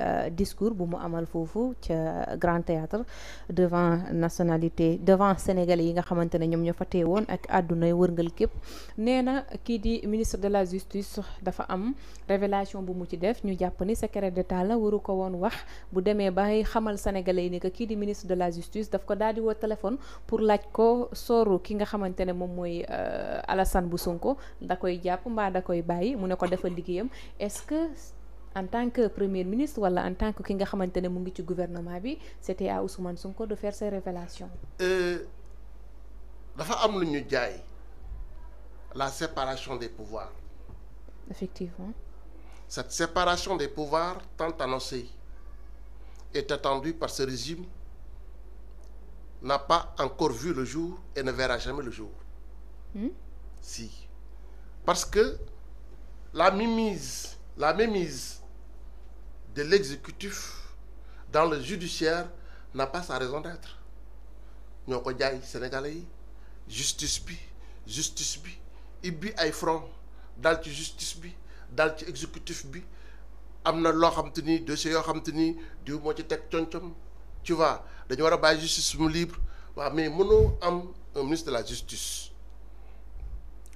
Euh, discours bu mu amal Grand Théâtre devant nationalité devant sénégalais yi nga xamante ne ñoom et ak wërngal képp na ministre de la justice dafa révélation bu mu ci def ñu ni d'État la sénégalais yi que di ministre de la justice daf ko téléphone pour ko ki nga euh, Alassane da koy da koy est-ce que en tant que premier ministre ou en tant que ki nga xamantene gouvernement bi c'était à Ousmane Sonko de faire ses révélations euh, dafa am lu la séparation des pouvoirs effectivement cette séparation des pouvoirs tant annoncée est attendue par ce régime n'a pas encore vu le jour et ne verra jamais le jour. Hmm? Si. Parce que la mimise, la mémise de l'exécutif dans le judiciaire n'a pas sa raison d'être ñoo ko sénégalais justice bi justice bi ibbi ay front dal ci justice bi dal ci exécutif bi amna lo loo xam te dossier yo xam te ni diw ci tu vois dañu wara a justice mu libre wa mais mënoo am un ministre de la justice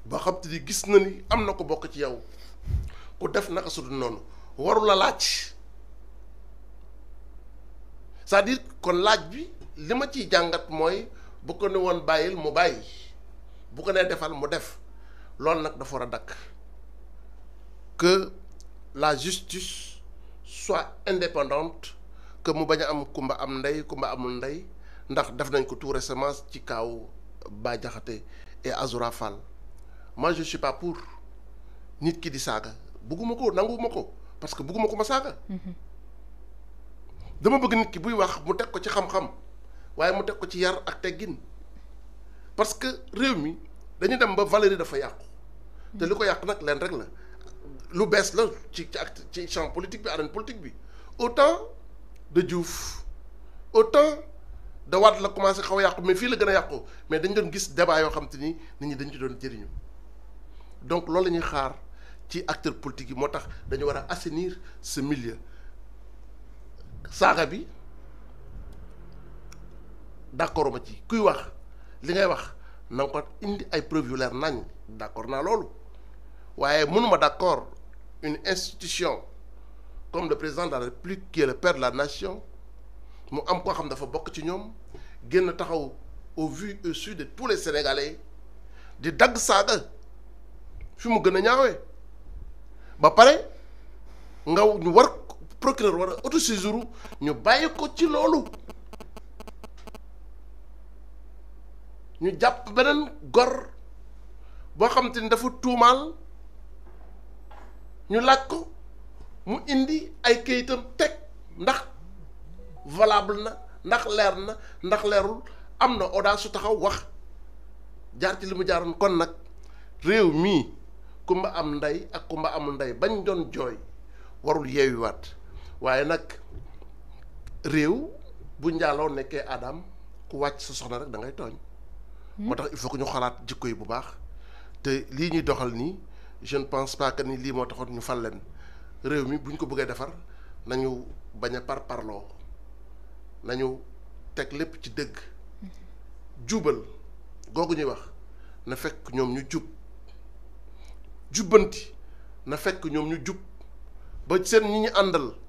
ba xam te gis na ni amna na ko bok ci yow ku def naka su waru la lacc c'est-à-dire kon laaj bi li ma ciy jàngat bu ko ne won bayil mu bay bu ko ne defal mu def lool nak dafa dak que la justice soit indépendante que mu baña am kumba am ndey kumba am ndey ndax def nañ ko tout récemment ci kaw ba jaxate et azura Fall moi je suis pas pour nit ki di saga bugumako nangumako parce que bugguma ma dama bëgg nit ki buy wax mu teg ko ci xam-xam waaye mu teg ko ci yar ak teggin parce que réew mi dañu dem ba valeur yi dafa yàqu te li ko yàq nag leen rek la lu bees la ci ci acte ci champ politique bi arène politique bi au temps de Diouf au temps de la commencé xaw yàqu mais fii la gën a yàqu mais dañ doon gis débat yoo xam te ni nit ñi dañ ci doon jëriñu donc loolu la ñuy xaar ci acteur politique yi moo tax dañu war a assainir ce milieu saaga d'accord ma ci kuy wax li ngay wax na indi ay preuve yu d'accord d'accord une institution comme le président de la République qui est le père de la nation mon am comme xam dafa bokk ci au vu au su de tous les Sénégalais De Dag saaga fi mu gën ba pareil, nga procureur war a autosaisir ñu bàyyi ko ci loolu ñu jàpp beneen gor boo xam te dafa tuumaal ñu laaj ko mu indi ay kayitam teg ndax valable na ndax leer na ndax leerul am na audace su taxaw wax jaar ci li mu jaaroon kon nag réew mii kumba am ndey ak kumba amul ndey bañ doon jooy warul yeewiwaat waaye nag réew bu njaaloo nekkee adam ku wàcc sa soxna rek da ngay tooñ hmm? moo tax il faut que ñu xalaat jikko yi bu baax te lii ñuy doxal nii je ne pense pas que ni lii moo taxoon ñu fal leen réew mi buñ ko bëggee defar nañu bañ a par parloo nañu teg lépp ci dëgg hmm. jubal googu ñuy wax na fekk ñoom ñu jub jubbanti na fekk ñoom ñu jub ba seen ñi ñu àndal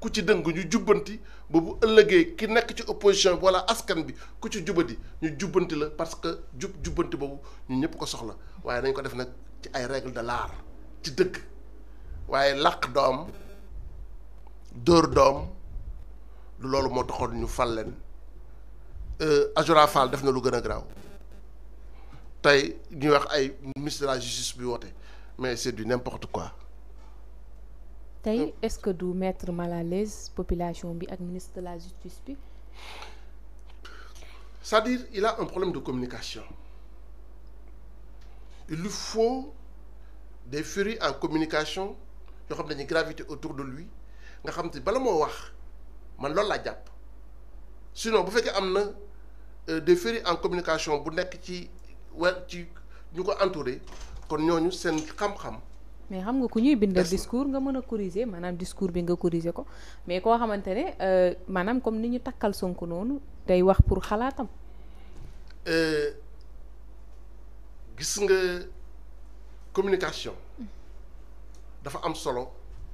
ku ci dëng ñu jubbanti ba ëllëgee ki nekk ci opposition bi walla askan bi ku ci jubbati ñu jubbanti la parce que jub jubbanti boobu ñun ñëpp ko soxla waaye nañ ko def nag ci ay règle de l'art ci dëkk waaye làq doom dóor doom loolu moo taxoon ñu fal leen euh, Ajora Fall def na lu gën a garaaw tey ñuy wax ay ministre de justice bi woote mais c'est du n'importe quoi Oh. est-ce que du mettre mal à l'aise population bi ak de la justice bi. c'est-à-dire il a un problème de communication il lui faut des furies en communication yoo xam dañuy gravité autour de lui nga xam te bala moo wax man loolu laa jàpp sinon bu fekkee am euh, des furies en communication bu nekk ci wa ci ñu ko entouré kon xam-xam. mais xam nga ku ñuy bind bindal discours nga mën a corriger maanaam discours bi nga corriger ko mais koo xamante ne euh, maanaam comme ni ñu takkal sonk noonu day wax pour xalaatam euh, gis nga communication dafa am solo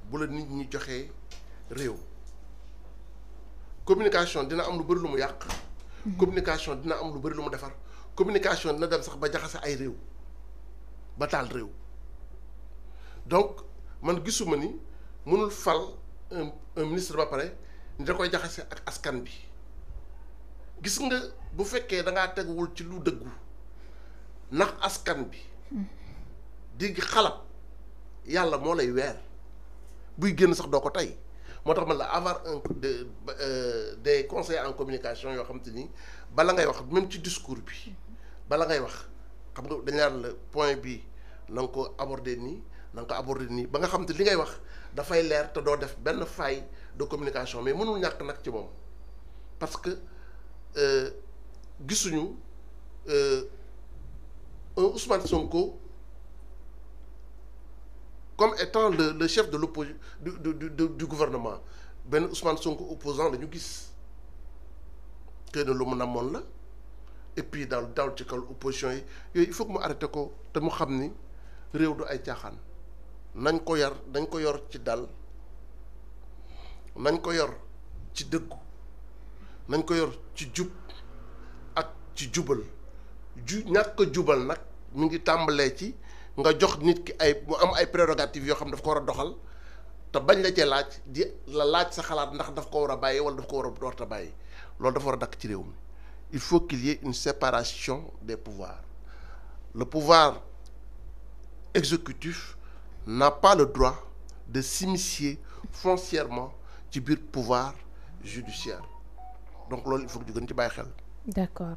bu la nit ñi joxee réew communication dina am lu bëri lu mu yàq mhm. communication dina am lu bëri lu mu defar communication dina dem sax ba jaxase ay réew ba taal réew donc man gisuma ni mënul fal un ministre ba pare ni da koy jaxase ak askan bi gis nga bu fekkee da ngaa teguwul ci lu dëggu ndax askan bi di xalab yàlla moo lay weer buy génn sax doo ko tey moo tax man la avoir un de euh, des conseils en communication yoo xam ni bala ngay wax même ci discours bi bala ngay wax xam nga dañ la point bi na nga ko aborder nii. na nga ko aborder nii ba nga xam li ngay wax da fay leer te do def ben fay de communication mais mënul ñak nak ci moom parce que euh gisuñu euh Ousmane Sonko comme étant le le chef de l'opposition du du du du gouvernement ben Ousmane Sonko opposant la ñu gis xëy na lu mu namoon la et puis dans daal ci kal opposition yi il faut que mu arrêté ko te mu xamni ni du ay caaxaan nañ ko yar dañ ko yor ci dal nañ ko yor ci dëggu nañ ko yor ci jub ak ci jubal ju ñàkk jubal nag mi ngi tàmbalee ci nga jox nit ki ay mu am ay prérogatives yoo xam daf ko war a doxal te bañ la cee laaj di la laaj sa xalaat ndax daf ko war a bàyyi wala daf ko war a war a bàyyi loolu dafa war a dakk ci réew mi il faut qu'il y ait une séparation des pouvoirs le pouvoir exécutif n'a pas le droit de s'immiscer foncièrement du pouvoir judiciaire donc il faut que tu d'accord.